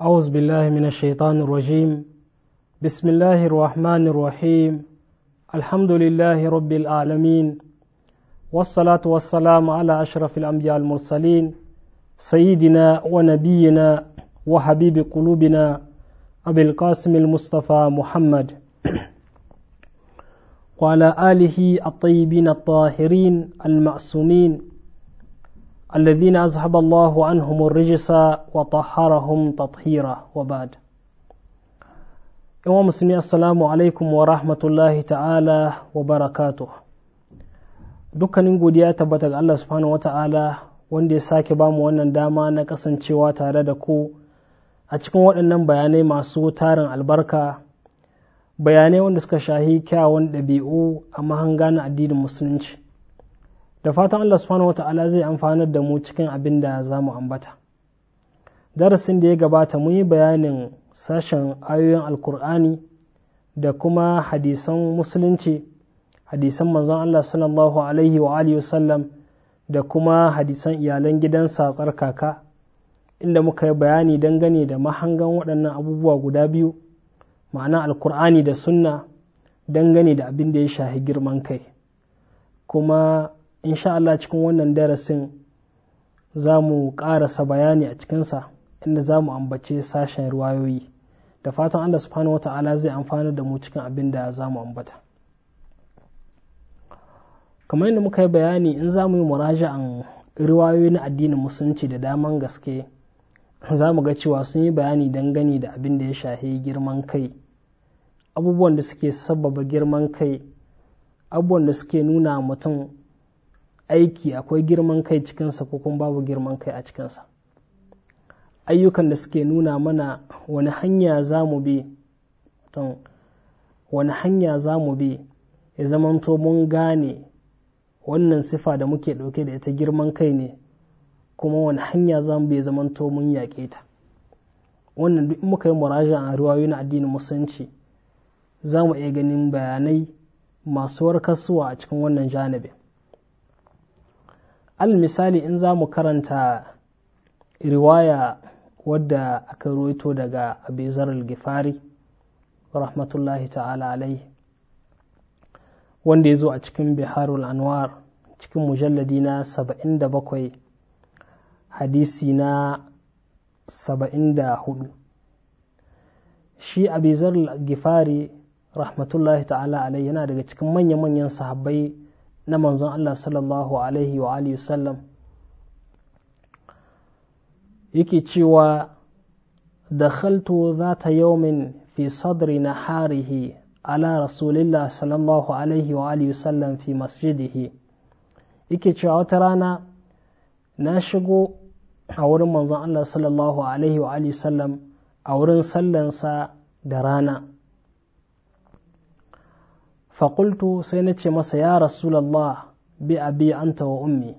أعوذ بالله من الشيطان الرجيم بسم الله الرحمن الرحيم الحمد لله رب العالمين والصلاة والسلام على أشرف الأنبياء المرسلين سيدنا ونبينا وحبيب قلوبنا أبي القاسم المصطفى محمد وعلى آله الطيبين الطاهرين المعصومين الذين أذهب الله عنهم الرجس وطهرهم تطهيرا وبعد yawan musulmi asalamu alaikum wa rahmatullahi ta'ala wa barakatu dukkanin godiya tabbata ga Allah subhanahu wanda ya sake bamu wannan dama na kasancewa tare da ku a cikin waɗannan bayanai masu tarin albarka bayanai wanda suka shahi kyawun ɗabi'u a mahanga na addinin musulunci da fatan Allah subhanahu wa ta'ala zai amfanar da mu cikin abin da za mu ambata darasin da ya gabata mun yi bayanin sashen ayoyin alkur'ani da kuma hadisan musulunci hadisan manzon Allah sallallahu alaihi wa alihi wasallam da kuma hadisan iyalan gidansa tsarkaka inda muka yi bayani dangane da mahangan waɗannan abubuwa guda biyu ma'ana alkur'ani da sunna dangane da abin da ya shahi girman kai kuma insha Allah cikin wannan darasin za mu ƙarasa bayani a cikinsa inda za mu ambace sashen ruwayoyi da fatan Allah subhanahu wata'ala zai amfana da mu cikin abin da za mu ambata kamar yadda muka yi bayani in za mu yi muraja'an ruwayoyi na addinin musulunci da daman gaske za mu ga cewa sun yi bayani gani da abin da ya shahi girman kai abubuwan da suke sababa girman kai abubuwan da suke nuna mutum aiki akwai girman kai cikinsa ko kuma babu girman kai a cikinsa ayyukan da suke nuna mana wani hanya za mu bi wani hanya za mu bi ya zamanto mun gane wannan sifa da muke ɗauke da ita girman kai ne kuma wani hanya za mu bi ya zamanto mun yaƙe ta wannan duk muka yi muraja a ruwayoyi na addinin musulunci za mu iya ganin bayanai masu warkaswa a cikin wannan janibin al misali in za mu karanta riwaya wadda aka ruwaito daga abizar al-gifari rahmatullahi ta'ala alai wanda ya zo a cikin biharul anwar cikin mujalladi na 77 hadisi na 74 shi abizar al-gifari rahmatullahi ta'ala alai yana daga cikin manya-manyan sahabbai na manzon Allah sallallahu alaihi wa alihi sallam yake cewa dakhaltu zata yawmin fi sadri na naharihi ala rasulillah sallallahu alaihi wa alihi sallam fi masjidihi yake cewa wata rana na shigo a wurin manzon Allah sallallahu alaihi wa alihi sallam a wurin sallansa da rana faƙultu sai na ce masa ya rasulallah bi abi anta wa ummi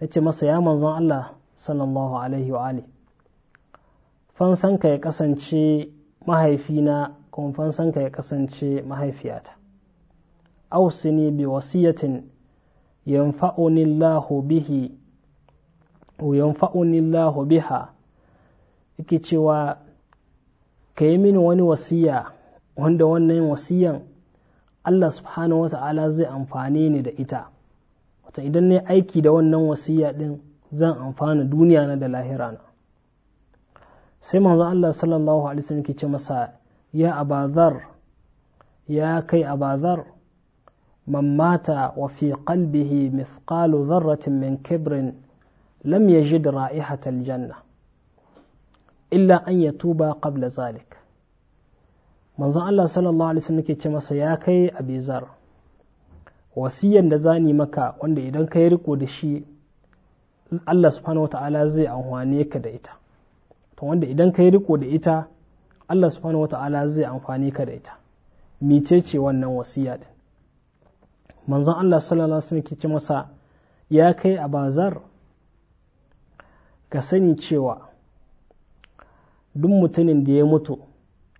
na ce masa ya manzon Allah sallallahu alaihi wa ali fansanka ya kasance mahaifina kuma fansanka ya kasance mahaifiyata ausini bi wasiyatin yanfa'uni Allahu bihi yanfa'uni Allahu biha yake cewa ka yi mini wani wasiya wanda wannan wasiyan Allah subhanahu wa ta'ala zai amfane ni da ita wata idan na aiki da wannan wasiya ɗin zan amfana duniya na da lahira na sai manzon Allah sallallahu alaihi wasallam ke ce masa ya abazar ya kai abazar man mata wa fi qalbihi mithqalu dharratin min kibrin lam yajid ra'ihatal janna illa an yatuba qabla zalik manzon Allah sallallahu alaihi wasallam ke ce masa ya kai abizar wasiyan da zani maka wanda idan ka yi riko da shi Allah subhanahu wata'ala zai amfane ka da ita to wanda idan ka yi riko da ita Allah subhanahu wata'ala zai amfane ka da ita ce wannan wasiya din manzon Allah sallallahu alaihi wasallam ke ce masa ya kai abazar ka sani cewa duk mutumin da ya mutu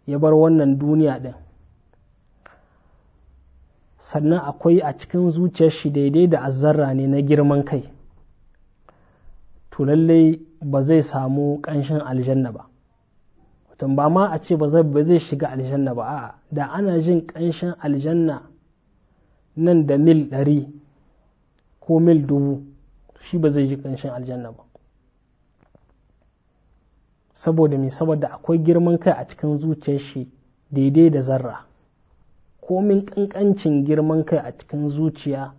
ya bar wannan duniya ɗin sannan akwai a cikin zuciyar shi daidai da azzarra ne na girman kai to lallai ba zai samu ƙanshin aljanna ba mutum ba ma a ce ba zai shiga aljanna ba a'a da ana jin ƙanshin aljanna nan da mil ɗari ko mil dubu shi ba zai ji ƙanshin aljanna ba saboda me saboda akwai girman kai a cikin zuciyar shi daidai da zarra komin ƙanƙancin girman kai a cikin zuciya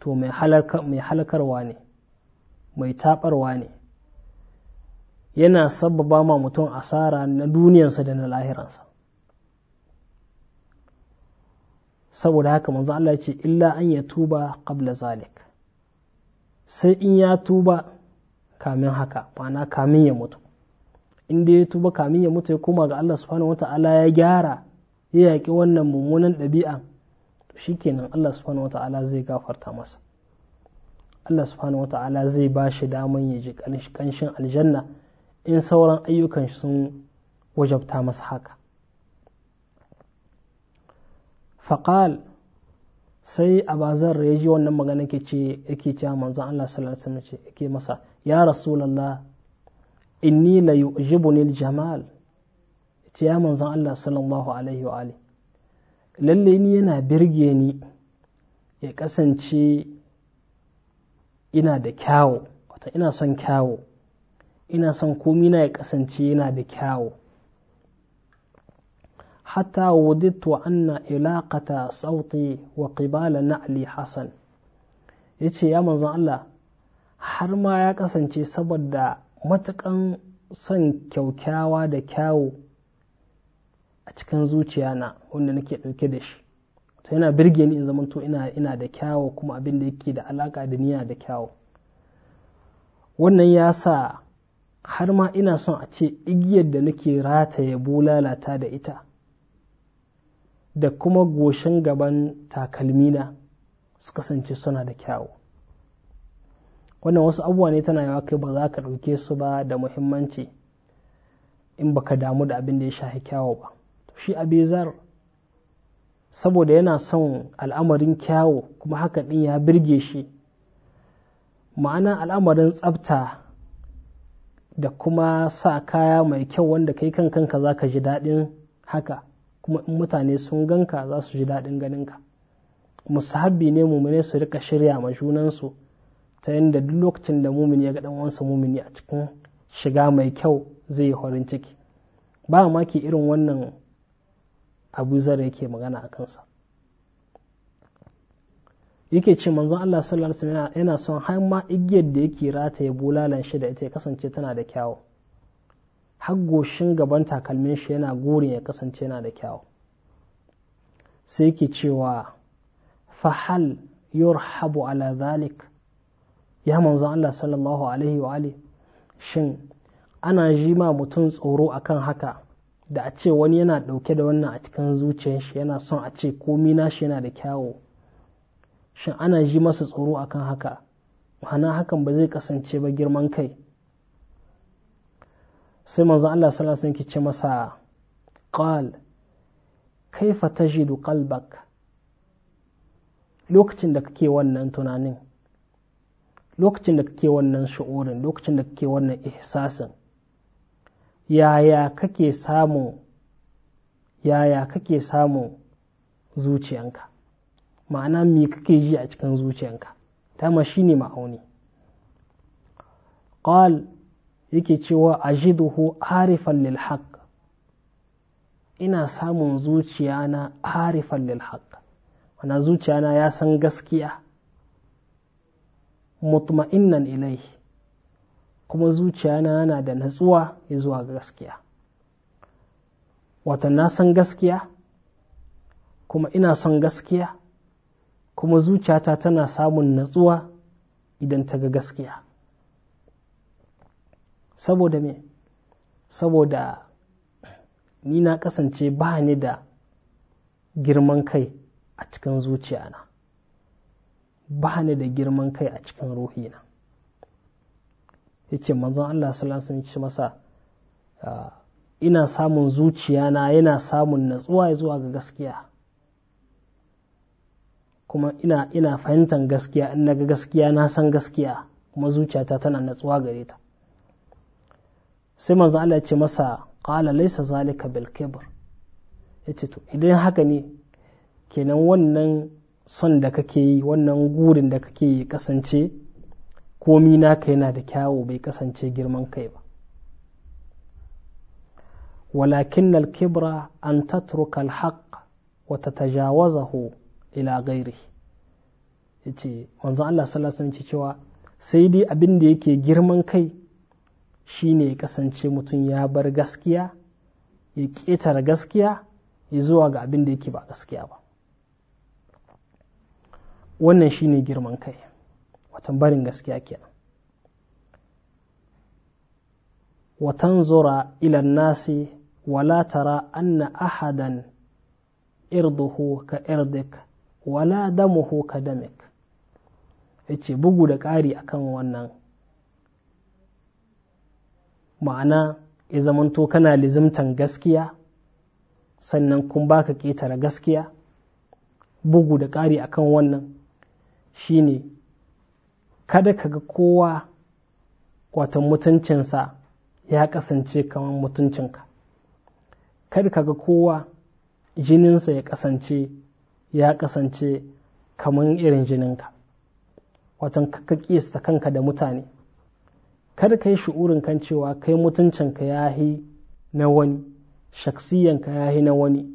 to mai halakarwa ne mai taɓarwa ne yana sababa ma mutum asara na duniyarsa da na lahiransa saboda haka manzo Allah ce illa an ya tuba qabla zalik sai in ya tuba kamin haka ma'ana kamin ya mutu in dai ya tuba kamin ya mutu ya koma ga Allah subhanahu wata'ala ya gyara ya yaƙi wannan mummunan ɗabi'a to shikenan Allah subhanahu wata'ala zai gafarta masa Allah subhanahu wata'ala zai ba shi daman ya ji kanshin aljanna in sauran ayyukan sun wajabta masa haka faqal sai abazar ya ji wannan magana ke ce yake cewa manzon Allah sallallahu alaihi wasallam ce yake masa ya rasulullah inni la yu'jibuni jamal ce ya manzon Allah sallallahu alaihi wa alihi lalle ni yana birge ni ya kasance ina da kyawo wata ina son kyawo ina son na ya kasance yana da kyawo hatta wudittu anna ilaqata sauti wa qibala na'li hasan yace ya manzon Allah har ma ya kasance saboda matuƙan son kyaukyawa da kyawu a cikin zuciya na wanda nake ɗauke da shi to yana birge ni in zamanto ina ina da kyawu kuma abin da yake da alaƙa da niyya da kyawu wannan ya sa har ma ina son a ce igiyar da nake rataye bulalata da ita da kuma goshin gaban takalmina su kasance suna da kyawu wannan wasu abubuwa ne tana yawa kai ba za ka ɗauke su ba da muhimmanci in baka damu da abin da ya shafi kyawo ba shi abizar saboda yana son al'amarin kyawo kuma haka ɗin ya birge shi ma'ana al'amarin tsafta da kuma sa kaya mai kyau wanda kai kan kanka za ka ji daɗin haka kuma in mutane sun ganka za su ji daɗin ganinka musahabi ne mummune su rika shirya ma junansu ta yadda duk lokacin da mumini ya ga dan wansa mumini a cikin shiga mai kyau zai yi horin ciki ba maki irin wannan abu zara yake magana a kansa yake ce manzon Allah sallallahu alaihi wasallam yana son har ma igiyar da yake rataye bulalan shi da ita ya kasance tana da kyawu har goshin gaban takalmin shi yana gurin ya kasance yana da kyawu sai yake cewa fahal yurhabu ala zalik ya manzon Allah sallallahu alaihi wa alihi shin ana ji ma mutum tsoro akan haka da a ce wani yana ɗauke da wannan a cikin zuciyar shi yana son a ce komi shi yana da kyawu shin ana ji masa tsoro akan haka ma'ana hakan ba zai kasance ba girman kai sai manzon Allah sallallahu alaihi ce masa qal kaifa tajidu qalbak lokacin da kake wannan tunanin lokacin da kake wannan sha'urin lokacin da kake wannan ihsasin yaya kake samun zuciyanka ma'ana me kake ji a cikin zuciyanka dama ne ma'auni qal yake cewa ajiduhu arifan lil haqq ina samun zuciyana arifan lil haqq mana zuciyana ya san gaskiya mutma'innan ilaihi kuma zuciya na yana da natsuwa ya zuwa gaskiya wata na san gaskiya kuma ina son gaskiya kuma zuciyata tana samun natsuwa idan ta ga gaskiya saboda me saboda ni na kasance ba ni da girman kai a cikin zuciyana ba ni da girman kai a cikin ruhina yace manzon Allah sallallahu alaihi wasallam ya ce masa ah, ina samun zuciya na yana samun natsuwa zuwa ga gaskiya kuma ina ina fahimtar gaskiya in naga gaskiya na san gaskiya kuma zuciyata tana natsuwa gare ta sai manzon Allah ya ce masa qala laysa zalika bil kibr yace to idan haka ne kenan wannan son da kake yi wannan gurin da kake yi kasance komi naka yana da kyawu bai kasance girman kai ba walakin al-kibra an tatruka alhaq wa tatajawazahu ila ghairi yace manzon Allah sallallahu alaihi cewa sai dai abin da yake girman kai shine ya kasance mutum ya bar gaskiya ya ƙetare gaskiya ya zuwa ga abin da yake ba gaskiya ba wannan shi ne girman kai watan barin gaskiya kenan watan zura ilan nasi wala tara anna ahadan irduhu ka irdik wala damuhu ka damik ce bugu da ƙari akan wannan ma'ana ya zamanto kana lizimtan gaskiya sannan kun baka ƙetare gaskiya bugu da ƙari akan wannan shine kada ka ga kowa watan mutuncinsa ya kasance kamar mutuncinka kada ka ga kowa jininsa ya kasance ya kasance kamar irin jininka watan ka kiyasta kanka da mutane kada ka yi shi'urin kan cewa kai mutuncinka ya yi na wani shaksiyanka ya yi na wani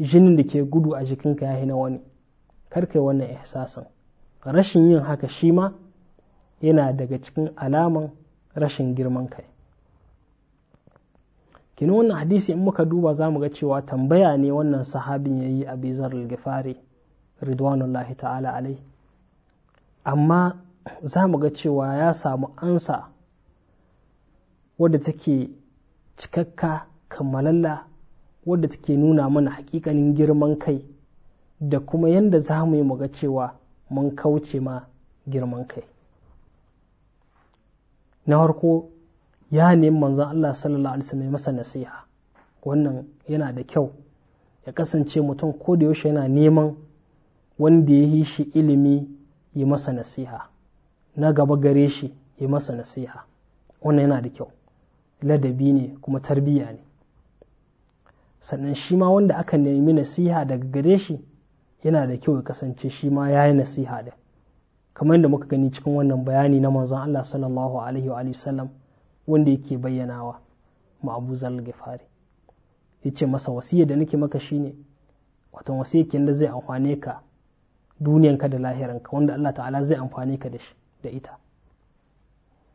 jinin da ke gudu a jikinka ya yi na wani kar kai wannan ihsasin rashin yin haka shi ma yana daga cikin alaman rashin girman kai kinu wannan hadisi in muka duba za mu ga cewa tambaya ne wannan sahabin ya yi a bizar al-gifari ridwanullahi ta'ala alai amma za mu ga cewa ya samu ansa wadda take cikakka kammalalla wadda take nuna mana hakikanin girman kai da kuma yadda za mu yi mu ga cewa mun kauce ma girman kai na harko ya nemi manzon Allah sallallahu alaihi wasallam masa nasiha wannan yana da kyau ya kasance mutum ko da yaushe yana neman wanda ya yi shi ilimi yi masa nasiha na gaba gare shi yi masa nasiha wannan yana da kyau ladabi ne kuma tarbiyya ne sannan shi ma wanda aka nemi nasiha daga gare shi yana da kyau ya kasance shi ma ya yi nasiha da kamar yadda muka gani cikin wannan bayani na manzon Allah sallallahu alaihi wa sallam wanda yake bayyanawa ma Abu Zal ya yace masa wasiya da nake maka shine watan kin da zai amfane ka duniyanka da lahiranka wanda Allah ta'ala zai amfane ka da shi da ita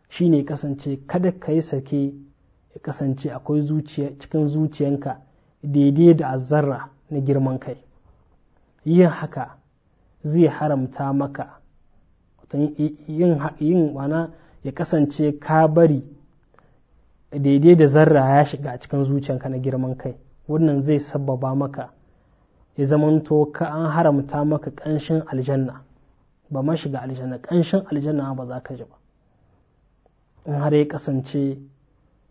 shine ya kasance kada ka yi sake ya kasance akwai cikin zuciyanka daidai da azarra na girman kai yin haka zai haramta maka yin wana ya kasance ka bari daidai da zarra ya shiga a cikin zuciyanka na girman kai wannan zai sababa maka ya zamanto ka an haramta maka ƙanshin aljanna ba ma shiga aljanna ƙanshin aljanna ba za ka ji ba in har ya kasance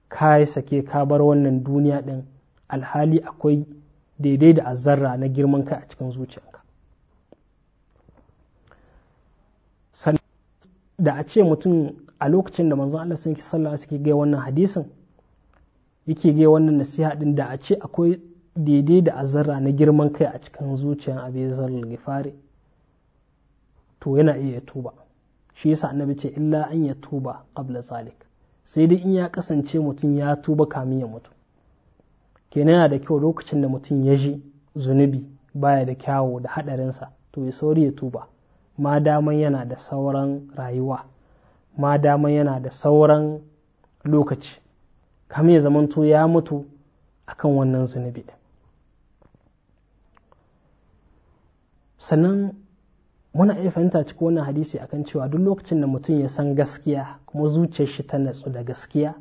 ka yi sake ka bar wannan duniya ɗin alhali akwai daidai da azzarra na girman kai a cikin zuciyarka da a ce mutum a lokacin da manzon Allah sun sallah suke gai wannan hadisin yake gai wannan nasiha din da a ce akwai daidai da azarra na girman kai a cikin zuciyar abizar gifari to yana iya tuba shi yasa annabi ce illa an ya tuba qabla zalik sai dai in ya kasance mutum ya tuba kamin ya mutu kenan yana da kyau lokacin da mutum ya ji zunubi baya da kyawu da haɗarinsa to ya sauri ya tuba ma daman yana da sauran rayuwa ma daman yana da sauran lokaci kamar ya zamanto ya mutu akan wannan zunubi sannan muna iya fahimta cikin wannan hadisi akan cewa duk lokacin da mutum ya san gaskiya kuma zuciyar shi ta natsu da gaskiya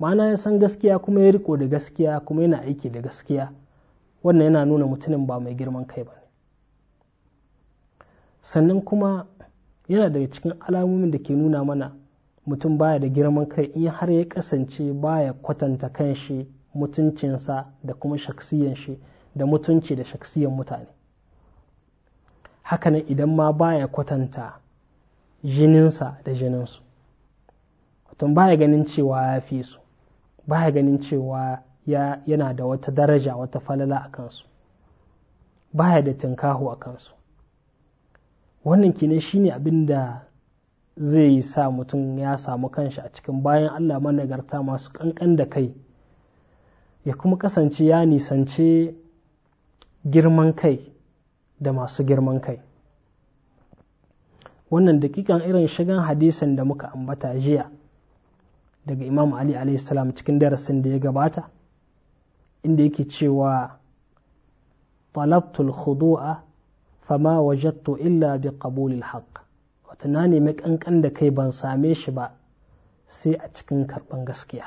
ma'ana ya san gaskiya kuma ya riko da gaskiya kuma yana aiki da gaskiya wannan yana nuna mutumin ba mai girman kai ba sannan kuma yana daga cikin alamomin da ke nuna mana mutum baya da girman kai in har ya kasance baya kwatanta kanshi mutuncinsa da kuma shaksiyan shi da mutunci da shaksiyan mutane hakanan idan ma baya kwatanta jininsa da jininsu mutum baya ganin cewa ya fi su ba ya ganin cewa yana da wata daraja wata falala a kansu ba ya da tinkaho a kansu wannan kine ne abin da zai sa mutum ya samu kanshi a cikin bayan allah managarta masu kankan da kai ya kuma kasance ya nisance girman kai da masu girman kai wannan dakikan irin shigan hadisan da muka ambata jiya daga imam ali alaihissalam cikin darasin da ya gabata inda yake cewa talabtul khudu'a fama wajattu illa bi qabulil haqq wata na nemi kankan da kai ban same shi ba sai a cikin karɓan gaskiya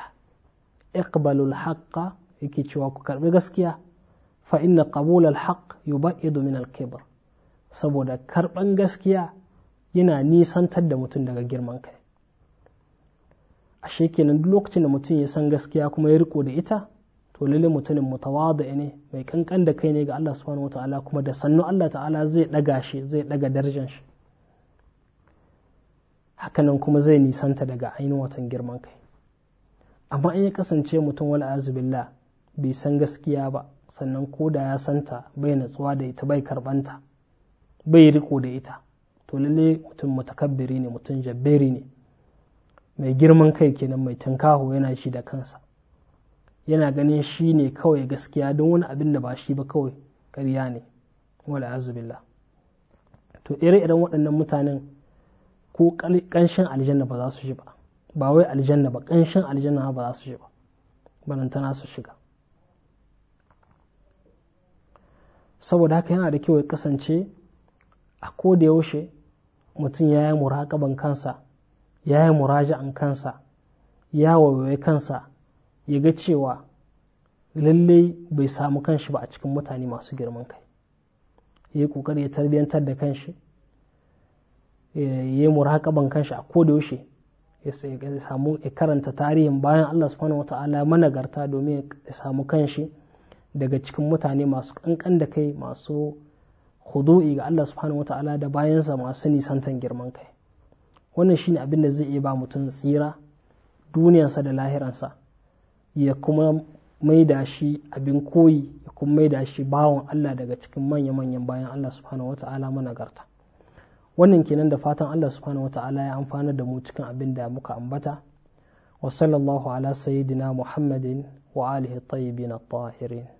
iqbalul haqqa yake cewa ku karɓi gaskiya fa inna qabulal haqq yubaidu min al kibr saboda karɓan gaskiya yana nisantar da mutum daga girman kai ashe kenan duk lokacin da mutum ya san gaskiya kuma ya riko da ita to lalle mutumin mutawada ne mai kankan da kai ne ga Allah subhanahu wataala kuma da sannu Allah ta'ala zai daga shi zai daga darajar shi hakanan kuma zai nisanta daga ainihin watan girman kai amma in ya kasance mutum wala azbillah bai san gaskiya ba sannan ko da ya santa bai natsuwa da ita bai karbanta bai riko da ita to lalle mutum mutakabbiri ne mutum jabbiri ne mai girman kai kenan mai tankaho yana shi da kansa yana ganin shi ne kawai gaskiya don wani abin da ba shi ba kawai karya ne wala to ire-iren waɗannan mutanen ko ƙanshin aljanna ba za su shi ba wai aljanna ba ƙanshin aljanna ba za su shi balantana su shiga saboda haka yana da kyau ya kasance a koda yaushe mutum ya yi muraƙaban kansa ya yi an kansa ya wawaye kansa ya ga cewa lallai bai samu kanshi ba a cikin mutane masu girman kai ya yi kokari ya tarbiyyantar da kanshi ya yi muraƙaban kanshi a yaushe ya samu ya karanta tarihin bayan Allah subhanahu wata'ala managarta domin ya samu kanshi daga cikin mutane masu kankan da kai masu hudu'i ga Allah subhanahu wata'ala da bayansa masu nisantan girman kai wannan shine abin da zai iya ba mutum tsira duniyarsa da lahiransa ya kuma mai da shi abin koyi ya kuma mai da shi bawon Allah daga cikin manya-manyan bayan Allah subhanahu wata'ala managarta wannan kenan da fatan Allah subhanahu wata'ala ya amfana da mu cikin abin da muka ambata wa sallallahu ala sayyidina muhammadin wa alihi tayyibin at-tahirin